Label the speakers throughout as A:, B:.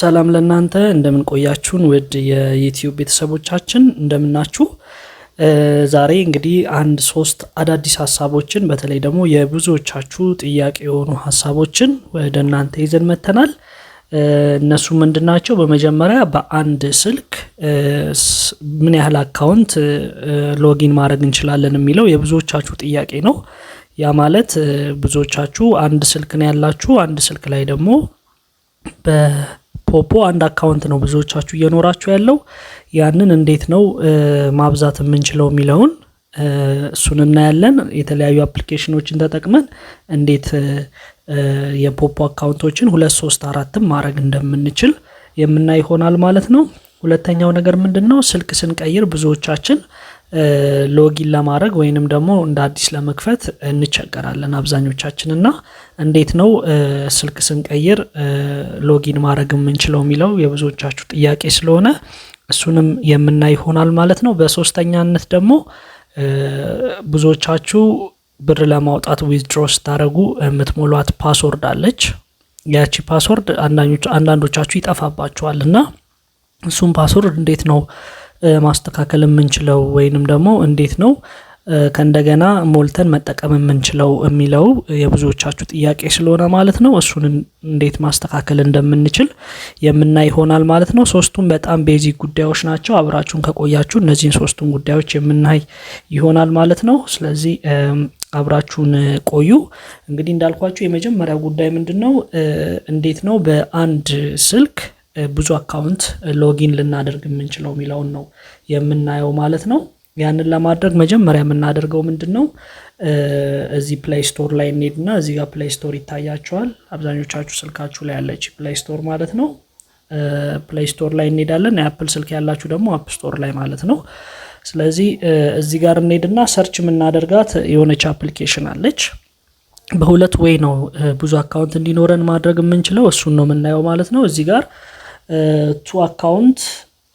A: ሰላም ለእናንተ እንደምን ቆያችሁን? ውድ የዩትዩብ ቤተሰቦቻችን እንደምናችሁ። ዛሬ እንግዲህ አንድ ሶስት አዳዲስ ሀሳቦችን በተለይ ደግሞ የብዙዎቻችሁ ጥያቄ የሆኑ ሀሳቦችን ወደ እናንተ ይዘን መተናል። እነሱ ምንድን ናቸው? በመጀመሪያ በአንድ ስልክ ምን ያህል አካውንት ሎጊን ማድረግ እንችላለን የሚለው የብዙዎቻችሁ ጥያቄ ነው። ያ ማለት ብዙዎቻችሁ አንድ ስልክ ነው ያላችሁ። አንድ ስልክ ላይ ደግሞ ፖፖ አንድ አካውንት ነው ብዙዎቻችሁ እየኖራችሁ ያለው። ያንን እንዴት ነው ማብዛት የምንችለው የሚለውን እሱን እናያለን። የተለያዩ አፕሊኬሽኖችን ተጠቅመን እንዴት የፖፖ አካውንቶችን ሁለት ሶስት አራትም ማድረግ እንደምንችል የምናይ ይሆናል ማለት ነው። ሁለተኛው ነገር ምንድን ነው? ስልክ ስንቀይር ብዙዎቻችን ሎጊን ለማድረግ ወይንም ደግሞ እንደ አዲስ ለመክፈት እንቸገራለን አብዛኞቻችን። እና እንዴት ነው ስልክ ስንቀይር ሎጊን ማድረግ የምንችለው የሚለው የብዙዎቻችሁ ጥያቄ ስለሆነ እሱንም የምናይ ይሆናል ማለት ነው። በሶስተኛነት ደግሞ ብዙዎቻችሁ ብር ለማውጣት ዊዝድሮ ስታደረጉ የምትሞሏት ፓስወርድ አለች። ያቺ ፓስወርድ አንዳንዶቻችሁ ይጠፋባችኋል እና እሱም ፓስወርድ እንዴት ነው ማስተካከል የምንችለው ወይንም ደግሞ እንዴት ነው ከእንደገና ሞልተን መጠቀም የምንችለው የሚለው የብዙዎቻችሁ ጥያቄ ስለሆነ ማለት ነው እሱን እንዴት ማስተካከል እንደምንችል የምናይ ይሆናል ማለት ነው። ሶስቱም በጣም ቤዚክ ጉዳዮች ናቸው። አብራችሁን ከቆያችሁ እነዚህን ሶስቱን ጉዳዮች የምናይ ይሆናል ማለት ነው። ስለዚህ አብራችሁን ቆዩ። እንግዲህ እንዳልኳችሁ የመጀመሪያው ጉዳይ ምንድን ነው? እንዴት ነው በአንድ ስልክ ብዙ አካውንት ሎጊን ልናደርግ የምንችለው የሚለውን ነው የምናየው ማለት ነው። ያንን ለማድረግ መጀመሪያ የምናደርገው ምንድን ነው? እዚህ ፕላይ ስቶር ላይ እንሄድና እዚህ ጋር ፕላይ ስቶር ይታያቸዋል። አብዛኞቻችሁ ስልካችሁ ላይ ያለች ፕላይ ስቶር ማለት ነው። ፕላይ ስቶር ላይ እንሄዳለን። የአፕል ስልክ ያላችሁ ደግሞ አፕ ስቶር ላይ ማለት ነው። ስለዚህ እዚህ ጋር እንሄድና ሰርች የምናደርጋት የሆነች አፕሊኬሽን አለች። በሁለት ወይ ነው ብዙ አካውንት እንዲኖረን ማድረግ የምንችለው እሱን ነው የምናየው ማለት ነው። እዚህ ጋር ቱ አካውንት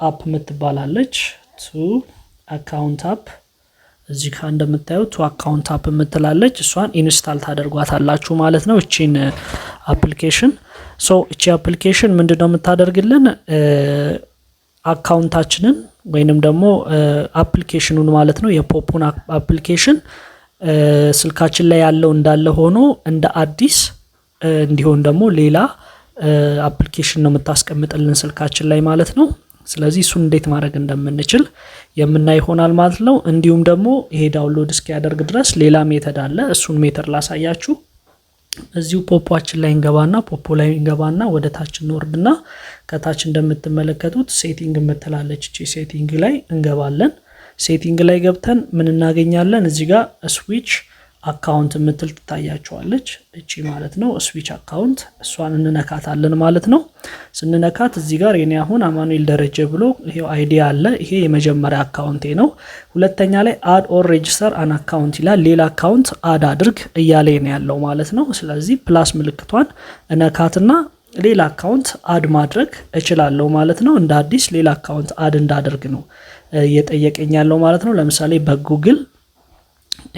A: አፕ የምትባላለች ቱ አካውንት አፕ እዚህ ጋር እንደምታየው ቱ አካውንት አፕ የምትላለች እሷን ኢንስታል ታደርጓታላችሁ ማለት ነው። እቺን አፕሊኬሽን ሶ እቺ አፕሊኬሽን ምንድን ነው የምታደርግልን አካውንታችንን ወይንም ደግሞ አፕሊኬሽኑን ማለት ነው የፖፑን አፕሊኬሽን ስልካችን ላይ ያለው እንዳለ ሆኖ እንደ አዲስ እንዲሆን ደግሞ ሌላ አፕሊኬሽን ነው የምታስቀምጥልን ስልካችን ላይ ማለት ነው። ስለዚህ እሱን እንዴት ማድረግ እንደምንችል የምናይ ይሆናል ማለት ነው። እንዲሁም ደግሞ ይሄ ዳውንሎድ እስኪያደርግ ድረስ ሌላ ሜተድ አለ። እሱን ሜተድ ላሳያችሁ። እዚሁ ፖፖችን ላይ እንገባና ፖፖ ላይ እንገባና ወደ ታች እንወርድና ከታች እንደምትመለከቱት ሴቲንግ የምትላለች እቺ ሴቲንግ ላይ እንገባለን። ሴቲንግ ላይ ገብተን ምን እናገኛለን? እዚህ ጋር ስዊች አካውንት የምትል ትታያቸዋለች። እቺ ማለት ነው ስዊች አካውንት፣ እሷን እንነካታለን ማለት ነው። ስንነካት እዚህ ጋር የኔ አሁን አማኑኤል ደረጀ ብሎ ይሄው አይዲ አለ። ይሄ የመጀመሪያ አካውንቴ ነው። ሁለተኛ ላይ አድ ኦር ሬጅስተር አን አካውንት ይላል። ሌላ አካውንት አድ አድርግ እያለ ነው ያለው ማለት ነው። ስለዚህ ፕላስ ምልክቷን እነካትና ሌላ አካውንት አድ ማድረግ እችላለሁ ማለት ነው። እንደ አዲስ ሌላ አካውንት አድ እንዳደርግ ነው እየጠየቀኝ ያለው ማለት ነው። ለምሳሌ በጉግል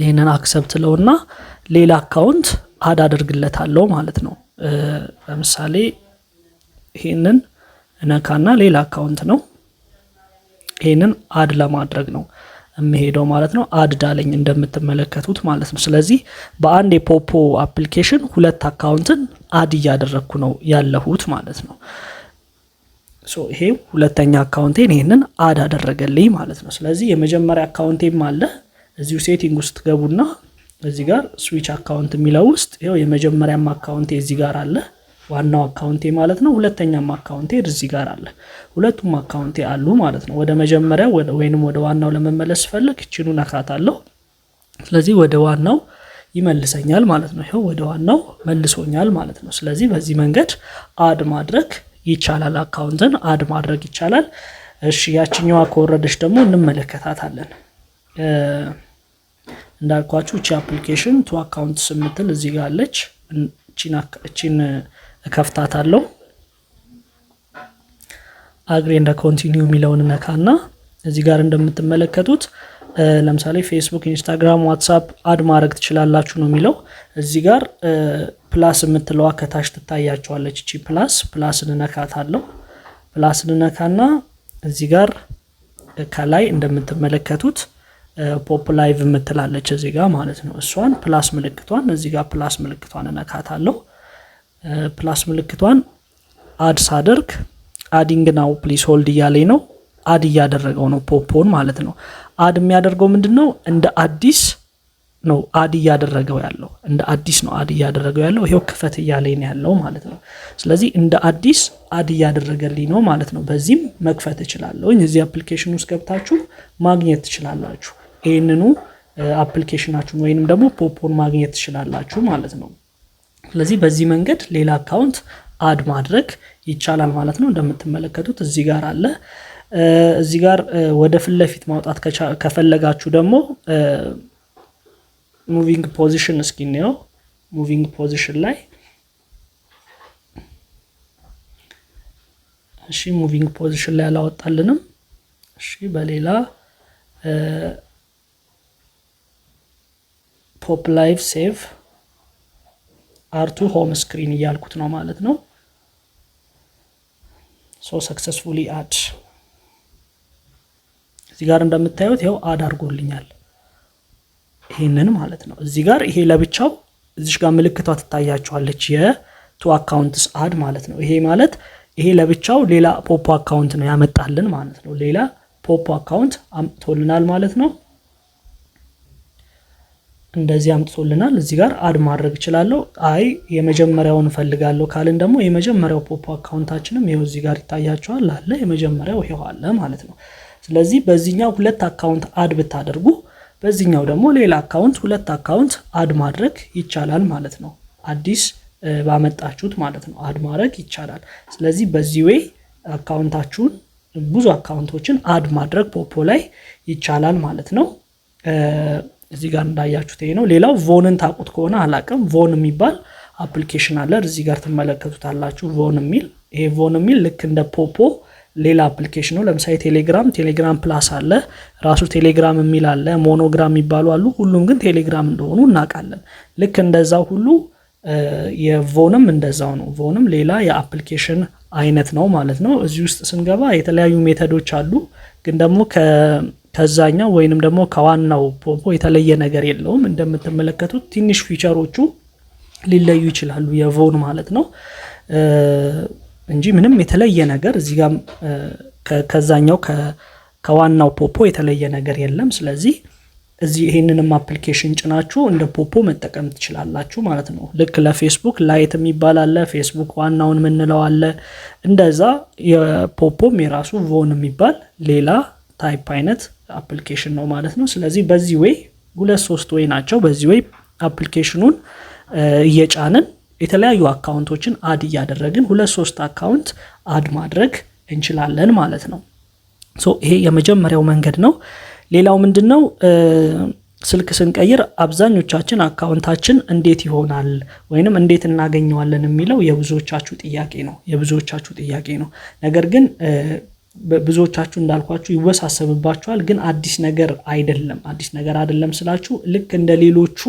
A: ይህንን አክሰብት ለውና ሌላ አካውንት አድ አደርግለታለሁ ማለት ነው። ለምሳሌ ይህንን እነካና ሌላ አካውንት ነው ይህንን አድ ለማድረግ ነው የሚሄደው ማለት ነው። አድ ዳለኝ እንደምትመለከቱት ማለት ነው። ስለዚህ በአንድ የፖፖ አፕሊኬሽን ሁለት አካውንትን አድ እያደረግኩ ነው ያለሁት ማለት ነው። ይሄ ሁለተኛ አካውንቴን ይህንን አድ አደረገልኝ ማለት ነው። ስለዚህ የመጀመሪያ አካውንቴም አለ እዚሁ ሴቲንግ ውስጥ ገቡና እዚህ ጋር ስዊች አካውንት የሚለው ውስጥ ይኸው የመጀመሪያም አካውንቴ እዚህ ጋር አለ ዋናው አካውንቴ ማለት ነው። ሁለተኛም አካውንቴ እዚህ ጋር አለ። ሁለቱም አካውንቴ አሉ ማለት ነው። ወደ መጀመሪያ ወይንም ወደ ዋናው ለመመለስ ስፈልግ እችኑ ነካታለሁ። ስለዚህ ወደ ዋናው ይመልሰኛል ማለት ነው። ይኸው ወደ ዋናው መልሶኛል ማለት ነው። ስለዚህ በዚህ መንገድ አድ ማድረግ ይቻላል። አካውንትን አድ ማድረግ ይቻላል። እሺ ያችኛዋ ከወረደች ደግሞ እንመለከታታለን። እንዳልኳችሁ እቺ አፕሊኬሽን ቱ አካውንት ስምትል እዚህ ጋር አለች። እቺን እከፍታታለሁ። አግሬ እንደ ኮንቲኒው የሚለውን ነካና እዚህ ጋር እንደምትመለከቱት ለምሳሌ ፌስቡክ፣ ኢንስታግራም፣ ዋትሳፕ አድ ማድረግ ትችላላችሁ ነው የሚለው። እዚህ ጋር ፕላስ የምትለዋ ከታች ትታያቸዋለች። እቺ ፕላስ ፕላስ እንነካታለሁ። ፕላስ እንነካና እዚህ ጋር ከላይ እንደምትመለከቱት ፖፕ ላይቭ የምትላለች እዚህ ጋር ማለት ነው። እሷን ፕላስ ምልክቷን እዚህ ጋር ፕላስ ምልክቷን እነካታለሁ። ፕላስ ምልክቷን አድ ሳደርግ አዲንግ ናው ፕሊስ ሆልድ እያለኝ ነው። አድ እያደረገው ነው ፖፖን ማለት ነው። አድ የሚያደርገው ምንድን ነው? እንደ አዲስ ነው አድ እያደረገው ያለው እንደ አዲስ ነው አድ እያደረገው ያለው ይሄው ክፈት እያለኝ ነው ያለው ማለት ነው። ስለዚህ እንደ አዲስ አድ እያደረገልኝ ነው ማለት ነው። በዚህም መክፈት እችላለሁ። እዚህ አፕሊኬሽን ውስጥ ገብታችሁ ማግኘት ትችላላችሁ። ይህንኑ አፕሊኬሽናችሁን ወይንም ደግሞ ፖፖን ማግኘት ትችላላችሁ ማለት ነው። ስለዚህ በዚህ መንገድ ሌላ አካውንት አድ ማድረግ ይቻላል ማለት ነው። እንደምትመለከቱት እዚህ ጋር አለ። እዚህ ጋር ወደ ፊት ለፊት ማውጣት ከፈለጋችሁ ደግሞ ሙቪንግ ፖዚሽን እስኪ እንየው። ሙቪንግ ፖዚሽን ላይ እሺ፣ ሙቪንግ ፖዚሽን ላይ አላወጣልንም። እሺ፣ በሌላ ፖፕ ላይቭ ሴቭ አርቱ ሆም ስክሪን እያልኩት ነው ማለት ነው። ሶ ሰክሰስፉሊ አድ እዚህ ጋር እንደምታዩት ይኸው አድ አድርጎልኛል ይህንን ማለት ነው። እዚህ ጋር ይሄ ለብቻው እዚሽ ጋር ምልክቷ ትታያችኋለች የቱ አካውንትስ አድ ማለት ነው። ይሄ ማለት ይሄ ለብቻው ሌላ ፖፖ አካውንት ነው ያመጣልን ማለት ነው። ሌላ ፖፖ አካውንት አምጥቶልናል ማለት ነው። እንደዚህ አምጥቶልናል። እዚህ ጋር አድ ማድረግ እችላለሁ። አይ የመጀመሪያውን እፈልጋለሁ ካልን ደግሞ የመጀመሪያው ፖፖ አካውንታችንም ይኸው እዚህ ጋር ይታያቸዋል አለ የመጀመሪያው ይኸው አለ ማለት ነው። ስለዚህ በዚህኛው ሁለት አካውንት አድ ብታደርጉ በዚህኛው ደግሞ ሌላ አካውንት ሁለት አካውንት አድ ማድረግ ይቻላል ማለት ነው። አዲስ ባመጣችሁት ማለት ነው አድ ማድረግ ይቻላል። ስለዚህ በዚህ ወይ አካውንታችሁን ብዙ አካውንቶችን አድ ማድረግ ፖፖ ላይ ይቻላል ማለት ነው። እዚህ ጋር እንዳያችሁት ይሄ ነው። ሌላው ቮንን ታቁት ከሆነ አላቅም፣ ቮን የሚባል አፕሊኬሽን አለ። እዚህ ጋር ትመለከቱታላችሁ። ቮን የሚል ይሄ ቮን የሚል ልክ እንደ ፖፖ ሌላ አፕሊኬሽን ነው። ለምሳሌ ቴሌግራም ቴሌግራም ፕላስ አለ፣ ራሱ ቴሌግራም የሚል አለ፣ ሞኖግራም የሚባሉ አሉ። ሁሉም ግን ቴሌግራም እንደሆኑ እናውቃለን። ልክ እንደዛው ሁሉ የቮንም እንደዛው ነው። ቮንም ሌላ የአፕሊኬሽን አይነት ነው ማለት ነው። እዚህ ውስጥ ስንገባ የተለያዩ ሜተዶች አሉ ግን ደግሞ ከዛኛው ወይንም ደግሞ ከዋናው ፖፖ የተለየ ነገር የለውም። እንደምትመለከቱት ትንሽ ፊቸሮቹ ሊለዩ ይችላሉ የቮን ማለት ነው እንጂ ምንም የተለየ ነገር እዚህ ከዛኛው ከዋናው ፖፖ የተለየ ነገር የለም። ስለዚህ እዚህ ይህንንም አፕሊኬሽን ጭናችሁ እንደ ፖፖ መጠቀም ትችላላችሁ ማለት ነው። ልክ ለፌስቡክ ላይት የሚባል አለ፣ ፌስቡክ ዋናውን ምንለው አለ። እንደዛ የፖፖም የራሱ ቮን የሚባል ሌላ ታይፕ አይነት አፕሊኬሽን ነው ማለት ነው። ስለዚህ በዚህ ወይ ሁለት ሶስት ወይ ናቸው። በዚህ ወይ አፕሊኬሽኑን uh, እየጫንን የተለያዩ አካውንቶችን አድ እያደረግን ሁለት ሶስት አካውንት አድ ማድረግ እንችላለን ማለት ነው። ሶ ይሄ የመጀመሪያው መንገድ ነው። ሌላው ምንድን ነው? Uh, ስልክ ስንቀይር አብዛኞቻችን አካውንታችን እንዴት ይሆናል ወይንም እንዴት እናገኘዋለን የሚለው የብዙዎቻችሁ ጥያቄ ነው የብዙዎቻችሁ ጥያቄ ነው። ነገር ግን uh, ብዙዎቻችሁ እንዳልኳችሁ ይወሳሰብባችኋል፣ ግን አዲስ ነገር አይደለም። አዲስ ነገር አይደለም ስላችሁ ልክ እንደ ሌሎቹ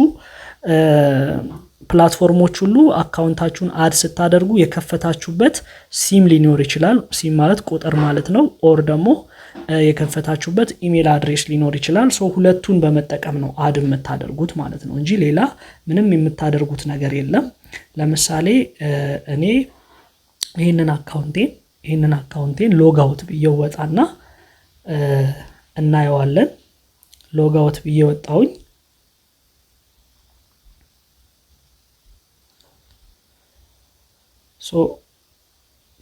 A: ፕላትፎርሞች ሁሉ አካውንታችሁን አድ ስታደርጉ የከፈታችሁበት ሲም ሊኖር ይችላል። ሲም ማለት ቁጥር ማለት ነው። ኦር ደግሞ የከፈታችሁበት ኢሜል አድሬስ ሊኖር ይችላል። ሰው ሁለቱን በመጠቀም ነው አድ የምታደርጉት ማለት ነው እንጂ ሌላ ምንም የምታደርጉት ነገር የለም። ለምሳሌ እኔ ይህንን አካውንቴን ይህንን አካውንቴን ሎጋውት ብዬ ወጣና እናየዋለን። ሎጋውት ብዬ ወጣውኝ። ሶ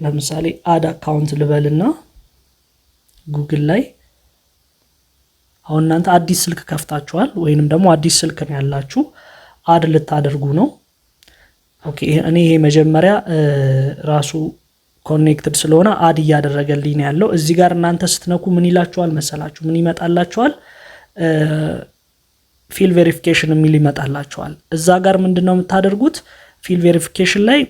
A: ለምሳሌ አድ አካውንት ልበልና ጉግል ላይ አሁን እናንተ አዲስ ስልክ ከፍታችኋል፣ ወይንም ደግሞ አዲስ ስልክ ነው ያላችሁ፣ አድ ልታደርጉ ነው። ኦኬ እኔ ይሄ መጀመሪያ ራሱ ኮኔክትድ ስለሆነ አድ እያደረገልኝ ያለው። እዚህ ጋር እናንተ ስትነኩ ምን ይላችኋል መሰላችሁ? ምን ይመጣላችኋል? ፊል ቬሪፊኬሽን የሚል ይመጣላችኋል። እዛ ጋር ምንድን ነው የምታደርጉት? ፊል ቬሪፊኬሽን ላይ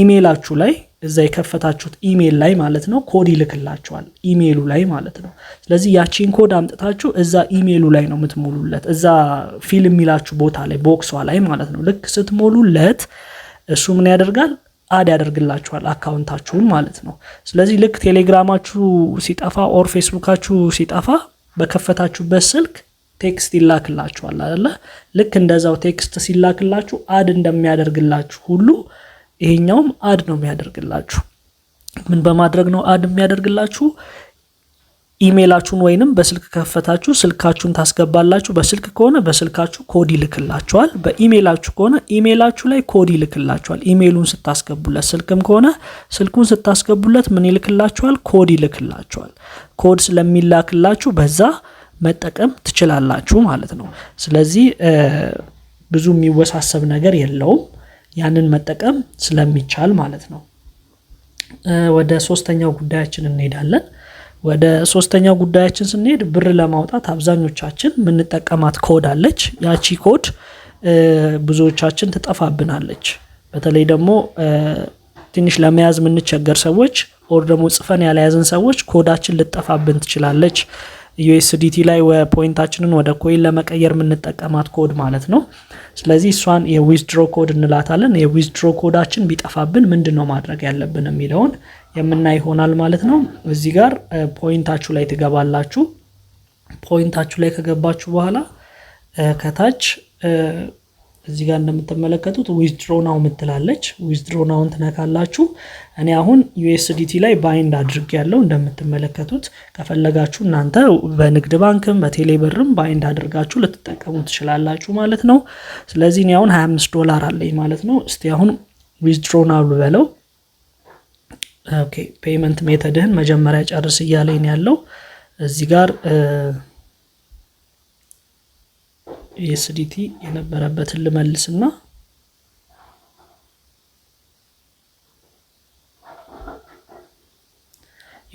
A: ኢሜይላችሁ ላይ እዛ የከፈታችሁት ኢሜይል ላይ ማለት ነው ኮድ ይልክላችኋል፣ ኢሜይሉ ላይ ማለት ነው። ስለዚህ ያቺን ኮድ አምጥታችሁ እዛ ኢሜይሉ ላይ ነው የምትሞሉለት፣ እዛ ፊል የሚላችሁ ቦታ ላይ ቦክሷ ላይ ማለት ነው። ልክ ስትሞሉለት እሱ ምን ያደርጋል አድ ያደርግላችኋል አካውንታችሁን ማለት ነው። ስለዚህ ልክ ቴሌግራማችሁ ሲጠፋ ኦር ፌስቡካችሁ ሲጠፋ በከፈታችሁበት ስልክ ቴክስት ይላክላችኋል አይደለ? ልክ እንደዛው ቴክስት ሲላክላችሁ አድ እንደሚያደርግላችሁ ሁሉ ይሄኛውም አድ ነው የሚያደርግላችሁ። ምን በማድረግ ነው አድ የሚያደርግላችሁ? ኢሜይላችሁን ወይንም በስልክ ከፈታችሁ ስልካችሁን ታስገባላችሁ። በስልክ ከሆነ በስልካችሁ ኮድ ይልክላችኋል። በኢሜይላችሁ ከሆነ ኢሜይላችሁ ላይ ኮድ ይልክላችኋል። ኢሜይሉን ስታስገቡለት፣ ስልክም ከሆነ ስልኩን ስታስገቡለት ምን ይልክላችኋል? ኮድ ይልክላችኋል። ኮድ ስለሚላክላችሁ በዛ መጠቀም ትችላላችሁ ማለት ነው። ስለዚህ ብዙ የሚወሳሰብ ነገር የለውም። ያንን መጠቀም ስለሚቻል ማለት ነው። ወደ ሶስተኛው ጉዳያችን እንሄዳለን። ወደ ሶስተኛው ጉዳያችን ስንሄድ ብር ለማውጣት አብዛኞቻችን የምንጠቀማት ኮድ አለች። ያቺ ኮድ ብዙዎቻችን ትጠፋብናለች። በተለይ ደግሞ ትንሽ ለመያዝ የምንቸገር ሰዎች ኦር ደግሞ ጽፈን ያለያዝን ሰዎች ኮዳችን ልጠፋብን ትችላለች። ዩኤስዲቲ ላይ ፖይንታችንን ወደ ኮይን ለመቀየር የምንጠቀማት ኮድ ማለት ነው። ስለዚህ እሷን የዊዝድሮ ኮድ እንላታለን። የዊዝድሮ ኮዳችን ቢጠፋብን ምንድን ነው ማድረግ ያለብን የሚለውን የምና ይሆናል ማለት ነው። እዚህ ጋር ፖይንታችሁ ላይ ትገባላችሁ። ፖይንታችሁ ላይ ከገባችሁ በኋላ ከታች እዚህ ጋር እንደምትመለከቱት ዊዝድሮ ናው ምትላለች። ዊዝድሮ ናውን ትነካላችሁ። እኔ አሁን ዩኤስዲቲ ላይ ባይንድ አድርግ ያለው እንደምትመለከቱት፣ ከፈለጋችሁ እናንተ በንግድ ባንክም በቴሌብርም ባይንድ አድርጋችሁ ልትጠቀሙ ትችላላችሁ ማለት ነው። ስለዚህ እኔ አሁን 25 ዶላር አለኝ ማለት ነው። እስቲ አሁን ዊዝድሮ ናው ልበለው ኦኬ ፔይመንት ሜተድህን መጀመሪያ ጨርስ እያለኝ ያለው እዚህ ጋር ኤስዲቲ የነበረበትን ልመልስና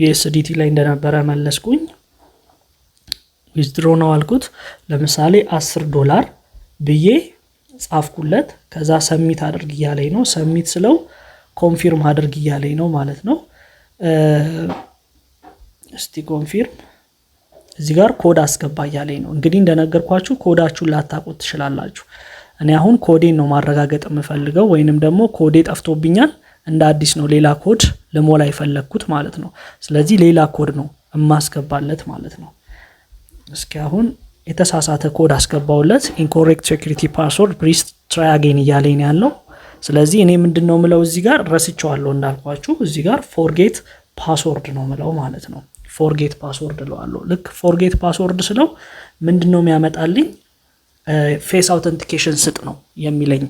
A: ዩኤስዲቲ ላይ እንደነበረ መለስኩኝ። ዊዝድሮ ነው አልኩት። ለምሳሌ አስር ዶላር ብዬ ጻፍኩለት። ከዛ ሰሚት አድርግ እያለኝ ነው። ሰሚት ስለው ኮንፊርም አድርግ እያለኝ ነው ማለት ነው። እስቲ ኮንፊርም እዚህ ጋር ኮድ አስገባ እያለኝ ነው። እንግዲህ እንደነገርኳችሁ ኮዳችሁን ላታቁት ትችላላችሁ። እኔ አሁን ኮዴን ነው ማረጋገጥ የምፈልገው፣ ወይንም ደግሞ ኮዴ ጠፍቶብኛል እንደ አዲስ ነው ሌላ ኮድ ልሞላ የፈለግኩት ማለት ነው። ስለዚህ ሌላ ኮድ ነው የማስገባለት ማለት ነው። እስኪ አሁን የተሳሳተ ኮድ አስገባውለት። ኢንኮሬክት ሴኩሪቲ ፓስወርድ ፕሊስ ትራያጌን እያለኝ ያለው ስለዚህ እኔ ምንድን ነው ምለው እዚህ ጋር ረስቸዋለሁ እንዳልኳችሁ እዚህ ጋር ፎርጌት ፓስወርድ ነው ምለው ማለት ነው። ፎርጌት ፓስወርድ እለዋለሁ። ልክ ፎርጌት ፓስወርድ ስለው ምንድን ነው የሚያመጣልኝ? ፌስ አውተንቲኬሽን ስጥ ነው የሚለኝ።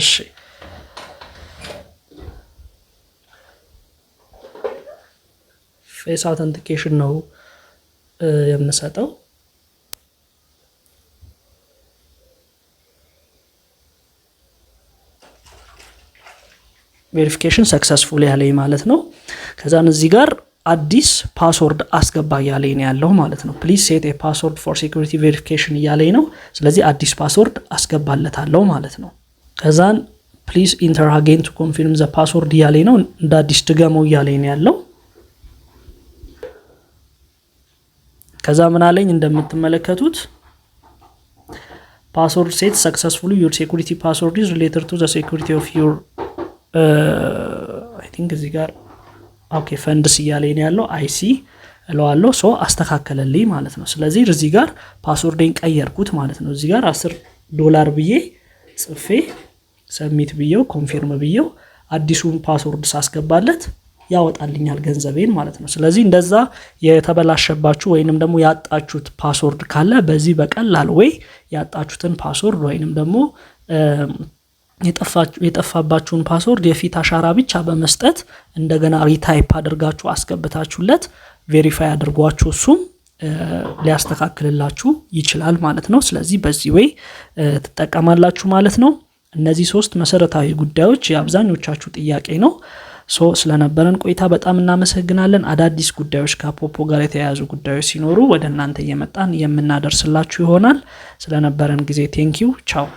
A: እሺ ፌስ አውተንቲኬሽን ነው የምሰጠው። ቬሪፊኬሽን ሰክሰስፉል ያለኝ ማለት ነው። ከዛን እዚህ ጋር አዲስ ፓስወርድ አስገባ እያለኝ ነው ያለው ማለት ነው። ፕሊዝ ሴት ፓስወርድ ፎር ሴኩሪቲ ቬሪፊኬሽን እያለኝ ነው። ስለዚህ አዲስ ፓስወርድ አስገባለታለሁ ማለት ነው። ከዛን ፕሊዝ ኢንተር አጌን ቱ ኮንፊርም ዘ ፓስወርድ እያለኝ ነው። እንደ አዲስ ድገመው እያለኝ ነው ያለው። ከዛ ምን አለኝ እንደምትመለከቱት ፓስወርድ ሴት ሰክሰስፉሊ ዩር ሴኩሪቲ ፓስወርድ ኢዝ ሪሌትድ ቱ ዘ ሴኩሪቲ ኦፍ ዩር አይ ቲንክ እዚህ ጋር ኦኬ ፈንድስ እያለ ኔ ያለው አይሲ እለዋለሁ ሶ አስተካከለልኝ ማለት ነው። ስለዚህ እዚህ ጋር ፓስወርዴን ቀየርኩት ማለት ነው። እዚህ ጋር አስር ዶላር ብዬ ጽፌ ሰሚት ብዬው ኮንፊርም ብዬው አዲሱን ፓስወርድ ሳስገባለት ያወጣልኛል ገንዘቤን ማለት ነው። ስለዚህ እንደዛ የተበላሸባችሁ ወይንም ደግሞ ያጣችሁት ፓስወርድ ካለ በዚህ በቀላል ወይ ያጣችሁትን ፓስወርድ ወይንም ደግሞ የጠፋባችሁን ፓስወርድ የፊት አሻራ ብቻ በመስጠት እንደገና ሪታይፕ አድርጋችሁ አስገብታችሁለት ቬሪፋይ አድርጓችሁ እሱም ሊያስተካክልላችሁ ይችላል ማለት ነው። ስለዚህ በዚህ ወይ ትጠቀማላችሁ ማለት ነው። እነዚህ ሶስት መሰረታዊ ጉዳዮች የአብዛኞቻችሁ ጥያቄ ነው። ሶ ስለነበረን ቆይታ በጣም እናመሰግናለን። አዳዲስ ጉዳዮች ከፖፖ ጋር የተያያዙ ጉዳዮች ሲኖሩ ወደ እናንተ እየመጣን የምናደርስላችሁ ይሆናል። ስለነበረን ጊዜ ቴንኪው ቻው።